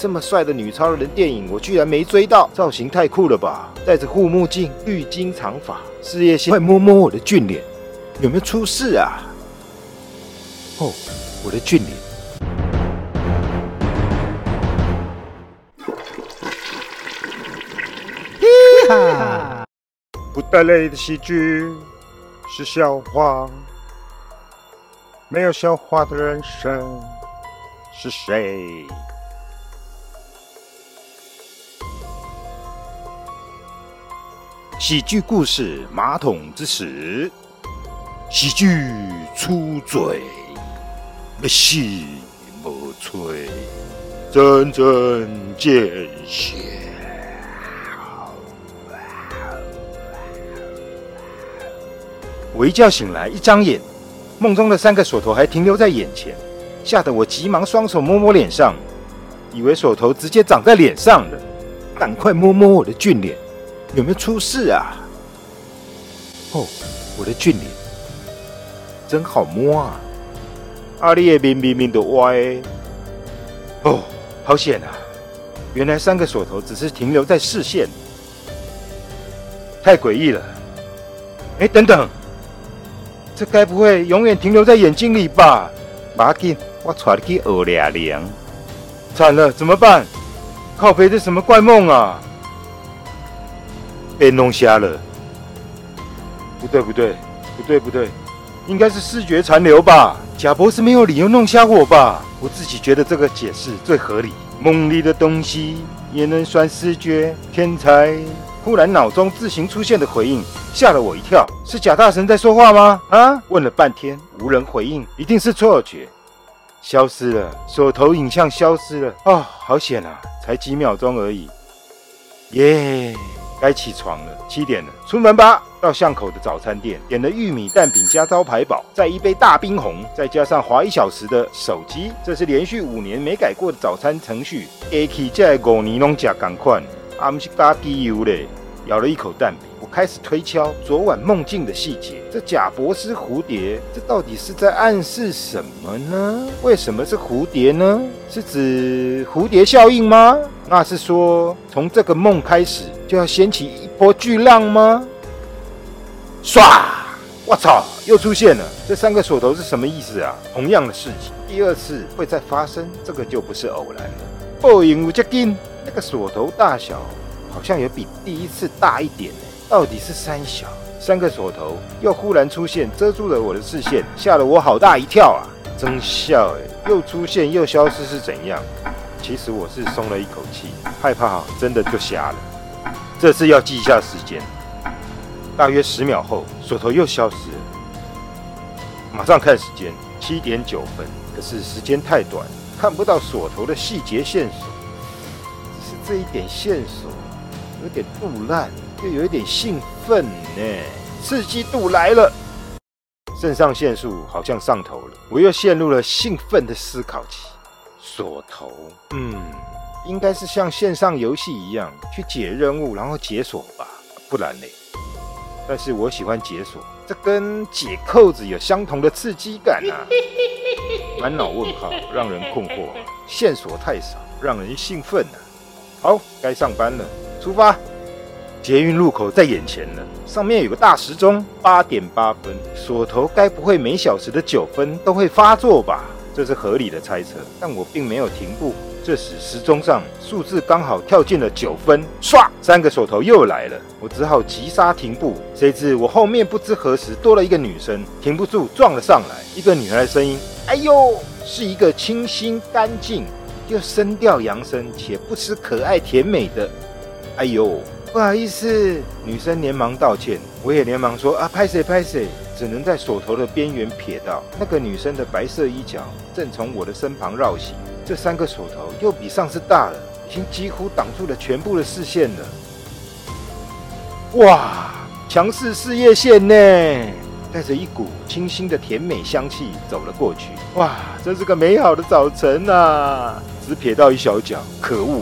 這麼帥的女超人電影，我居然沒追到！造型太酷了吧，戴着護目鏡，浴巾、長髮，事業線，快摸摸我的俊臉，有沒有出事啊？哦，我的俊臉！哈哈，不帶淚的喜劇是笑話，沒有笑話的人生是誰？喜劇故事《馬桶之死》，喜劇出嘴，要死不催，真真見血。我一覺醒來，一睜眼，夢中的三個鎖頭還停留在眼前，嚇得我急忙雙手摸摸臉上，以為鎖頭直接長在臉上了，趕快摸摸我的俊臉。有沒有出事啊？哦，我的俊臉真好摸啊！阿麗也明明明的歪。哦，好險啊！原來三個鎖頭只是停留在視線，太詭異了。哎、欸，等等，這該不會永遠停留在眼睛裡吧？馬進，我傳去餓倆兩。慘了，怎麼辦？靠北這什麼怪夢啊！被弄瞎了？不對，不對，不對，不對，應該是視覺殘留吧？賈博士沒有理由弄瞎我吧？我自己覺得這個解釋最合理。夢裡的東西也能算視覺？天才忽然腦中自行出現的回應，嚇了我一跳。是賈大神在說話嗎？啊？問了半天無人回應，一定是錯覺。消失了，鎖頭影像消失了。啊、哦，好險啊！才幾秒鐘而已。耶、yeah!。該起床了，七點了，出門吧。到巷口的早餐店，點了玉米蛋餅加招牌堡，再一杯大冰紅，再加上滑一小時的手機。這是連續五年沒改過的早餐程序。Aki 在過年攏吃咁快，阿姆去打低油嘞。咬了一口蛋餅，我開始推敲昨晚夢境的細節。這賈伯斯蝴蝶，這到底是在暗示什麼呢？為什麼是蝴蝶呢？是指蝴蝶效應嗎？那是說從這個夢開始。就要掀起一波巨浪嗎？唰！我操，又出現了！這三個鎖頭是什麼意思啊？同樣的事情，第二次會再發生，這個就不是偶然了。哦，報應有這麼快，那個鎖頭大小好像也比第一次大一點，欸。到底是三小？三個鎖頭又忽然出現，遮住了我的視線，嚇了我好大一跳啊！真笑誒、欸，又出現又消失是怎樣？其實我是鬆了一口氣，害怕、啊、真的就瞎了。這次要記一下時間，大約十秒後，鎖頭又消失了。馬上看時間，七點九分。可是時間太短，看不到鎖頭的細節線索。只是這一點線索，有點肚爛，又有點興奮呢，刺激度來了，腎上腺素好像上頭了。我又陷入了興奮的思考期。鎖頭，嗯。應該是像線上遊戲一樣去解任務，然後解鎖吧，不然呢？但是我喜歡解鎖，這跟解扣子有相同的刺激感啊。滿腦問號，讓人困惑，線索太少，讓人興奮啊。好，該上班了，出發。捷運路口在眼前了，上面有個大時鐘，八點八分。鎖頭該不會每小時的九分都會發作吧？這是合理的猜測，但我並沒有停步。這時，時鐘上數字剛好跳進了九分，唰刷，三個手頭又來了，我只好急剎停步。誰知我後面不知何時多了一個女生，停不住撞了上來。一個女孩的聲音：“哎呦！”是一個清新乾淨又深調聲調揚聲且不失可愛甜美的。“哎呦，不好意思！”女生連忙道歉，我也連忙說：“啊，拍誰拍誰。”只能在手頭的邊緣瞥到那個女生的白色衣角正從我的身旁繞行。這三個鎖頭又比上次大了，已經幾乎擋住了全部的視線了。哇，強勢事業線呢，帶着一股清新的甜美香氣走了過去。哇，真是個美好的早晨啊！只瞥到一小角，可惡！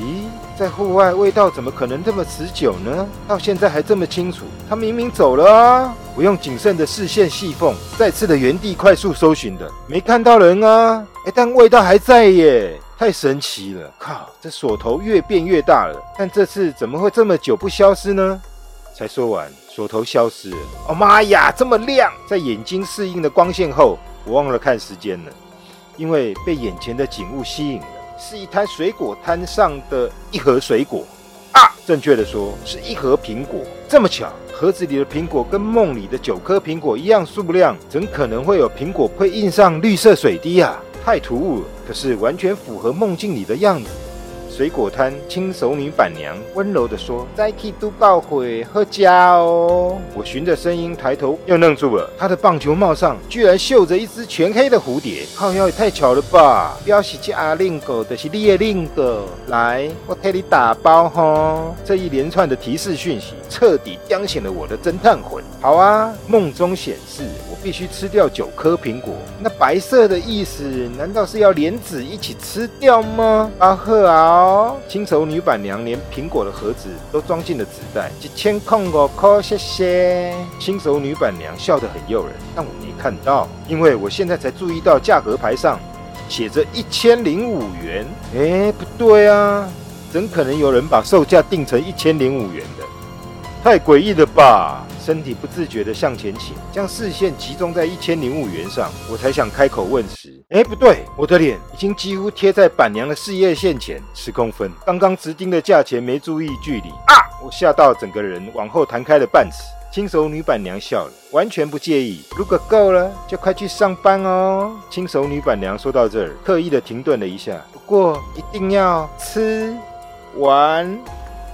咦，在戶外味道怎麼可能這麼持久呢？到現在還這麼清楚，他明明走了啊！我用僅剩的視線細縫，再次的原地快速搜尋的，沒看到人啊！哎、欸，但味道還在耶，太神奇了！靠，這鎖頭越變越大了，但這次怎麼會這麼久不消失呢？才說完，鎖頭消失了。哦媽呀，這麼亮！在眼睛適應的光線後，我忘了看時間了，因為被眼前的景物吸引了，是一攤水果攤上的一盒水果啊，正確的說是一盒蘋果。這麼巧，盒子裡的蘋果跟夢裡的九顆蘋果一樣數量，怎可能會有蘋果會印上綠色水滴啊？太突兀，可是完全符合夢境裡的樣子。水果攤，輕熟女板娘溫柔地說：“再去都報悔喝家哦。”我循着聲音抬頭，又愣住了，他的棒球帽上居然繡着一隻全黑的蝴蝶。靠腰也太巧了吧！不要是叫阿令哥的，是另令狗。來，我替你打包哈。這一連串的提示訊息，徹底驚醒了我的偵探魂。好啊，夢中顯示我必須吃掉九顆蘋果。那白色的意思，難道是要蓮子一起吃掉嗎？阿賀啊。哦，新手女板娘連蘋果的盒子都裝進了紙袋，幾千塊哦，謝謝。新手女板娘笑得很誘人，但我沒看到，因為我現在才注意到價格牌上寫着一千零五元。哎、欸，不對啊，怎可能有人把售價定成一千零五元的？太詭異了吧！身體不自覺地向前傾，將視線集中在一千零五元上，我才想開口問時，哎、欸，不對，我的臉已經幾乎貼在板娘的事業線前十公分，剛剛直盯的價錢沒注意距離，啊！我嚇到整個人往後彈開了半尺。輕熟女板娘笑了，完全不介意。如果夠了，就快去上班哦。輕熟女板娘說到這兒，刻意的停頓了一下，不過一定要吃完。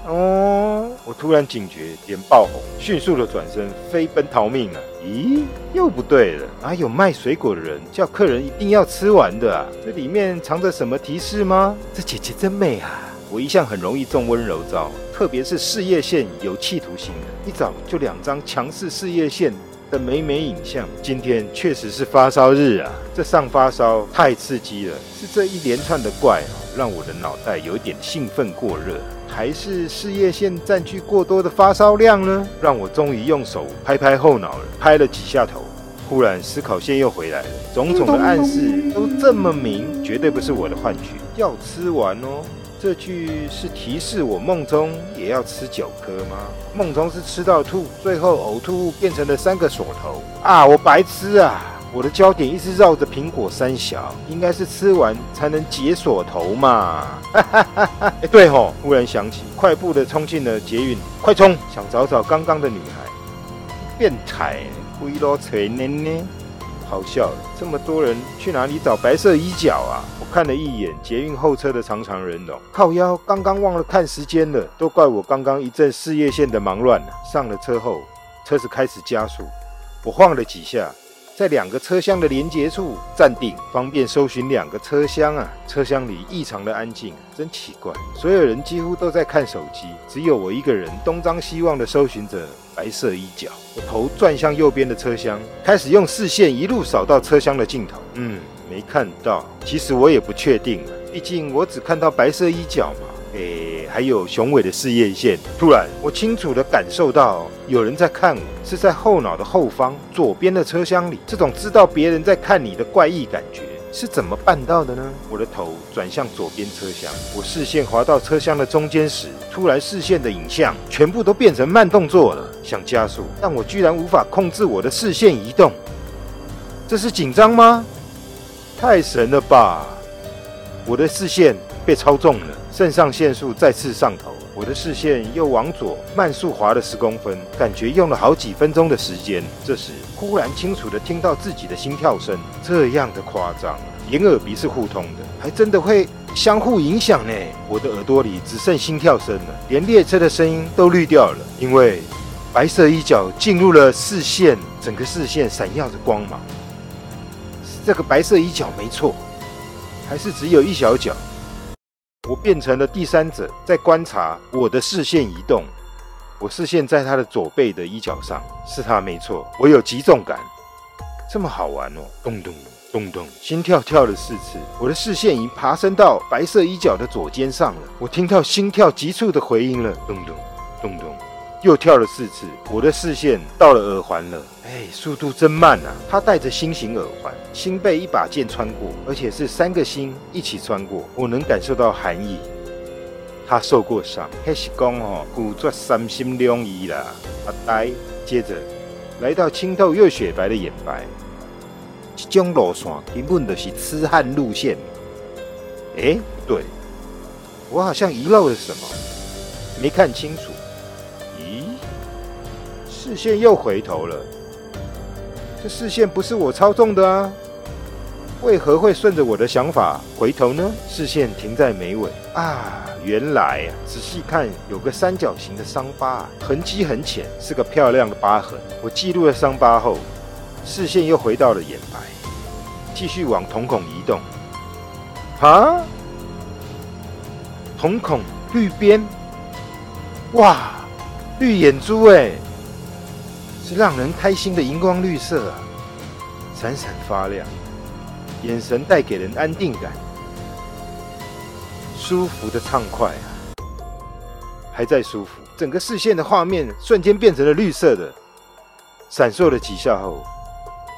哦，oh! 我突然警覺，臉爆紅，迅速的轉身，飛奔逃命了，啊。咦，又不對了，哪，啊、有賣水果的人叫客人一定要吃完的啊？這裡面藏着什麼提示嗎？這姐姐真美啊！我一向很容易中溫柔招，特別是事業線有企圖心，一早就兩張強勢事業線的美美影像。今天確實是發燒日啊！這上發燒太刺激了，是這一連串的怪，讓我的腦袋有點興奮過熱。還是事業線佔據過多的發燒量呢？讓我終於用手拍拍後腦了，拍了幾下頭。忽然思考線又回來了，種種的暗示都這麼明，絕對不是我的幻覺。要吃完哦，這句是提示我夢中也要吃九顆嗎？夢中是吃到吐，最後嘔吐物變成了三個鎖頭啊！我白痴啊！我的焦點一直繞着蘋果三小，應該是吃完才能解鎖頭嘛。哈哈哈哈，哎，對吼！忽然想起，快步的衝進了捷運，快衝衝！想找找剛剛的女孩。變態，不一路扯呢呢，好笑！這麼多人去哪裡找白色衣角啊？我看了一眼捷運後車的長長人龍，靠腰，剛剛忘了看時間了，都怪我剛剛一陣事業線的忙亂了。上了車後，車子開始加速，我晃了幾下。在兩個車廂的連接處站定，方便搜尋兩個車廂啊。車廂裡異常的安靜，真奇怪。所有人幾乎都在看手機，只有我一個人東張西望的搜尋着白色衣角。我頭轉向右邊的車廂，開始用視線一路掃到車廂的盡頭。嗯，沒看到。其實我也不確定了，畢竟我只看到白色衣角嘛。誒、欸。還有雄偉的事業線。突然，我清楚的感受到有人在看我，是在後腦的後方、左邊的車廂裡。這種知道別人在看你的怪異感覺是怎麼辦到的呢？我的頭轉向左邊車廂，我視線滑到車廂的中間時，突然視線的影像全部都變成慢動作了。想加速，但我居然無法控制我的視線移動。這是緊張嗎？太神了吧！我的視線。被操縱了，腎上腺素再次上頭，我的視線又往左慢速滑了十公分，感覺用了好幾分鐘的時間。這時忽然清楚的聽到自己的心跳聲，這樣的誇張，眼耳鼻是互通的，還真的會相互影響呢。我的耳朵裡只剩心跳聲了，連列車的聲音都濾掉了，因為白色衣角進入了視線，整個視線閃耀着光芒，是這個白色衣角沒錯，還是只有一小角？我變成了第三者，在觀察我的視線移動。我視線在他的左背的衣角上，是他沒錯。我有節重感，這麼好玩哦！咚咚咚咚，心跳跳了四次。我的視線已經爬升到白色衣角的左肩上了。我聽到心跳急促的回音了，咚咚咚咚，又跳了四次。我的視線到了耳環了。欸，速度真慢啊！他戴着心形耳環，心被一把劍穿過，而且是三個心一起穿過。我能感受到寒意。他受過傷，還是講吼故作三心兩意啦。阿呆，接着來到清透又雪白的眼白。這種路線根本就是痴漢路線。哎，欸，對，我好像遺漏了什麼，沒看清楚。咦，視線又回頭了。這視線不是我操縱的啊，為何會順着我的想法回頭呢？視線停在眉尾啊，原來啊，仔細看有個三角形的傷疤啊，痕跡很淺，是個漂亮的疤痕。我記錄了傷疤後，視線又回到了眼白，繼續往瞳孔移動。啊，瞳孔綠邊，哇，綠眼珠哎、欸。是讓人開心的熒光綠色啊，閃閃發亮，眼神帶給人安定感，舒服的暢快啊，還在舒服。整個視線的畫面瞬間變成了綠色的，閃爍了幾下後，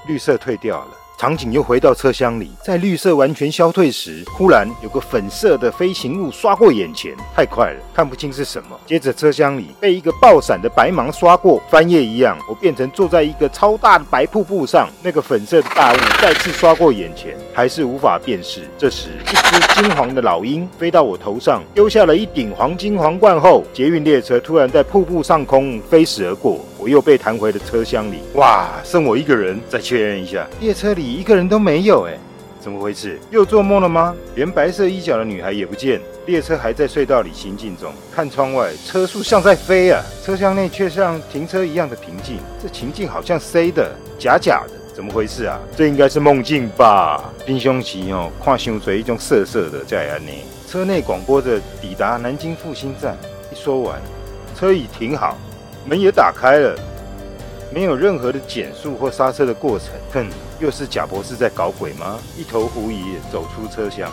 綠色退掉了。場景又回到車廂裡，在綠色完全消退時，忽然有個粉色的飛行物刷過眼前，太快了，看不清是什麼。接着車廂裡被一個爆閃的白芒刷過，翻頁一樣，我變成坐在一個超大的白瀑布上。那個粉色的大霧再次刷過眼前，還是無法辨識。這時，一隻金黃的老鷹飛到我頭上，丟下了一頂黃金皇冠後，捷運列車突然在瀑布上空飛馳而過。我又被彈回了車廂裡。哇，剩我一個人。再確認一下，列車裡一個人都沒有，欸。哎，怎麼回事？又做夢了嗎？連白色衣角的女孩也不見。列車還在隧道裡行進中。看窗外，車速像在飛啊！車廂內卻像停車一樣的平靜。這情境好像塞的？假假的？怎麼回事啊？這應該是夢境吧？冰凶機哦，看相嘴一種瑟瑟的在安尼。車內廣播着：“抵達南京復興站。”一說完，車已停好。門也打開了，沒有任何的減速或剎車的過程。哼，又是賈博士在搞鬼嗎？一頭狐疑走出車廂，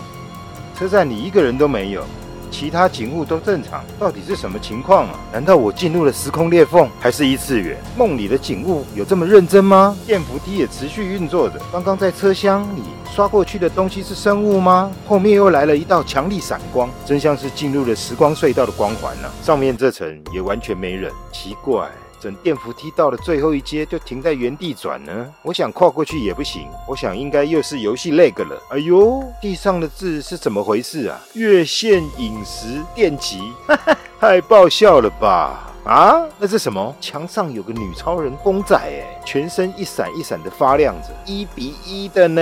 車站裡一個人都沒有。其他景物都正常，到底是什麼情況啊？難道我進入了時空裂縫，還是異次元？夢裡的景物有這麼認真嗎？電扶梯也持續運作着。剛剛在車廂裡刷過去的東西是生物嗎？後面又來了一道強力閃光，真像是進入了時光隧道的光環呢、啊。上面這層也完全沒人，奇怪。整電扶梯到了最後一階，就停在原地轉呢。我想跨過去也不行，我想應該又是遊戲 lag 了。哎喲，地上的字是怎麼回事啊？月限飲食電極，哈哈，太爆笑了吧？啊，那是什麼？牆上有個女超人公仔欸，誒全身一閃一閃的發亮着，一比一的呢。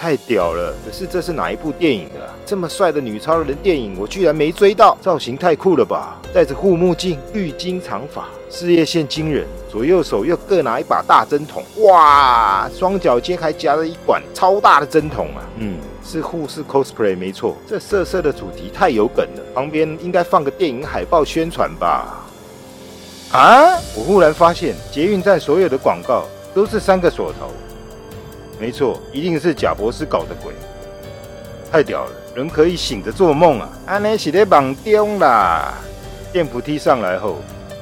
太屌了！可是這是哪一部電影的啊？這麼帥的女超人電影，我居然沒追到。造型太酷了吧！戴着護目鏡，綠金長髮，事業線驚人，左右手又各拿一把大針筒，哇！雙腳間還夾了一管超大的針筒啊！嗯，是護士 cosplay 沒錯。這色色的主題太有梗了，旁邊應該放個電影海報宣傳吧？啊！我忽然發現，捷運站所有的廣告都是三個鎖頭。沒錯，一定是賈博士搞的鬼，太屌了，人可以醒着做夢啊！安妮是在夢中啦。電扶梯上來後，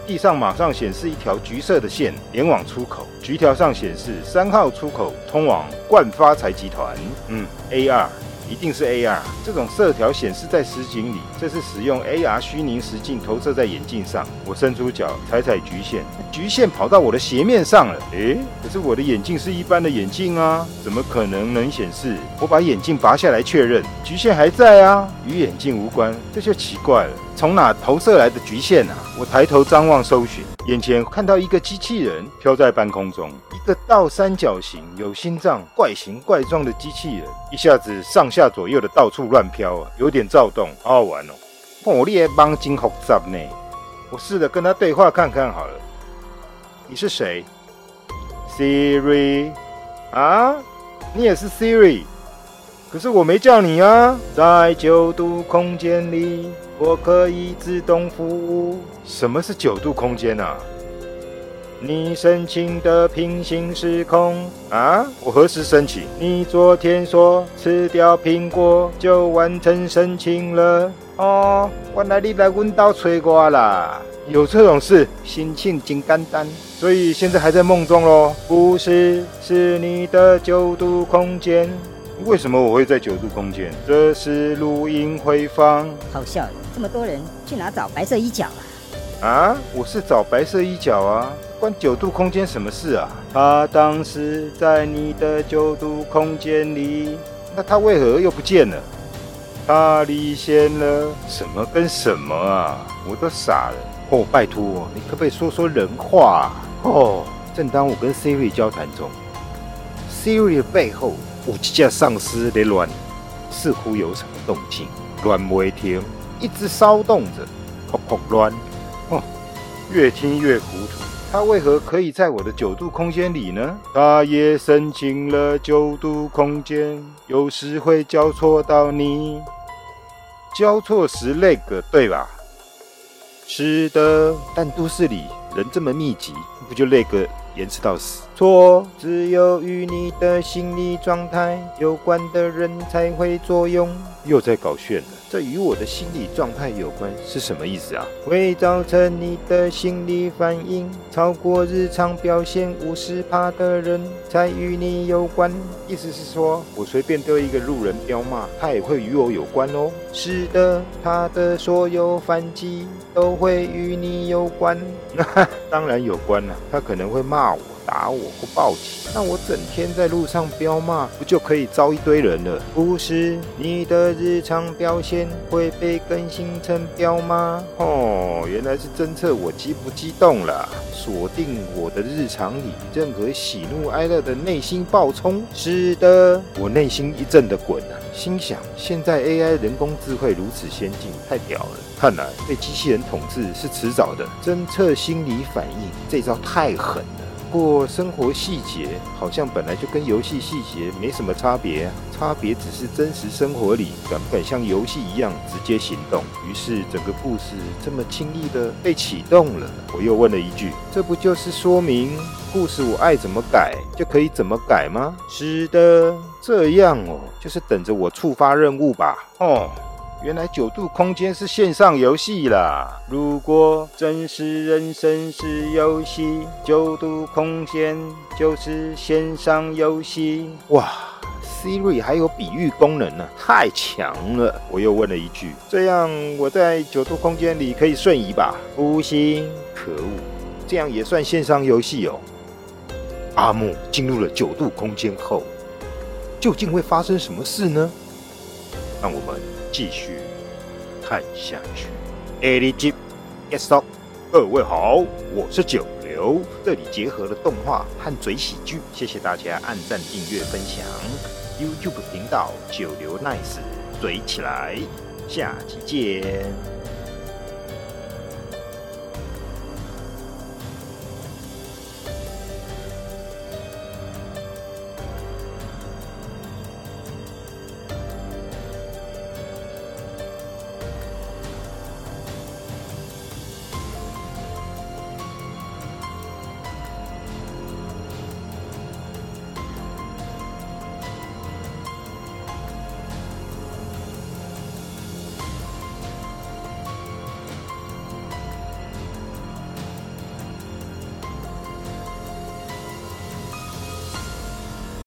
地上馬上顯示一條橘色的線，聯網出口。橘條上顯示三號出口通往冠發財集團。嗯，A 2一定是 AR 這種色條顯示在實景裡，這是使用 AR 虛擬實境投射在眼鏡上。我伸出腳踩踩橘線，橘線跑到我的鞋面上了。誒、欸，可是我的眼鏡是一般的眼鏡啊，怎麼可能能顯示？我把眼鏡拔下來確認，橘線還在啊，與眼鏡無關，這就奇怪了。從哪投射來的橘線啊？我抬頭張望搜尋。眼前看到一個機器人飄在半空中，一個倒三角形、有心臟、怪形怪狀的機器人，一下子上下左右的到處亂飄啊，有點躁動，好玩哦！哦雜我烈幫金轟炸呢，我試着跟他對話看看好了。你是誰？Siri 啊，你也是 Siri？可是我沒叫你啊，在九度空間裡。我可以自動服務。什麼是九度空間吶、啊？你申請的平行時空啊？我何時申請？你昨天說吃掉蘋果就完成申請了。哦，原來你被問到催瓜啦。有這種事？心情真簡單。所以現在還在夢中嘍？不是，是你的九度空間。為什麼我會在九度空間？這是錄音回放。好笑。這麼多人去哪找白色衣角啊？啊，我是找白色衣角啊，關九度空間什麼事啊？他當時在你的九度空間裡，那他為何又不見了？他離線了，什麼跟什麼啊？我都傻了！哦，拜託啊，你可不可以說說人話啊？哦。正當我跟交談 Siri 交談中，Siri 的背後有幾只喪屍的卵，似乎有什麼動靜，卵沒停。一直騷動着，亂、哦，越聽越糊塗。他為何可以在我的九度空間裡呢？他也申請了九度空間，有時會交錯到你，交錯時 lag 對吧？是的，但都市裡人這麼密集，不就 lag 延遲到死？錯、哦，只有與你的心理狀態有關的人才會作用。又在搞炫了，這與我的心理狀態有關是什麼意思啊？會造成你的心理反應超過日常表現50%的人才與你有關。意思是說，我隨便對一個路人飆罵，他也會與我有關哦。是的，他的所有反擊都會與你有關。那 當然有關了、啊，他可能會罵我。打我不報警，那我整天在路上飆罵，不就可以招一堆人了？不是，你的日常表現會被更新成飆嗎？哦，原來是偵測我激不激動了，鎖定我的日常裡任何喜怒哀樂的內心爆衝。是的，我內心一陣的滾啊，心想現在 AI 人工智慧如此先進，太屌了，看來被機器人統治是遲早的。偵測心理反應這招太狠。不過生活細節好像本來就跟遊戲細節沒什麼差別，啊，差別只是真實生活裡敢不敢像遊戲一樣直接行動。於是整個故事這麼輕易的被啟動了。我又問了一句：“這不就是說明故事我愛怎麼改就可以怎麼改嗎？”是的，這樣哦，就是等着我觸發任務吧。哦。原來九度空間是線上遊戲啦！如果真實人生是遊戲，九度空間就是線上遊戲。哇，Siri 還有比喻功能呢、啊，太強了！我又問了一句：“這樣我在九度空間裡可以瞬移吧？”不行，可惡，這樣也算線上遊戲哦。阿木進入了九度空間後，究竟會發生什麼事呢？讓我們。繼續看下去。e v i g y d y gets o p，各位好，我是九流，這裡結合了動畫和嘴喜劇。謝謝大家按讚、訂閱、分享。YouTube 頻道九流 nines 嘴起來，下期見。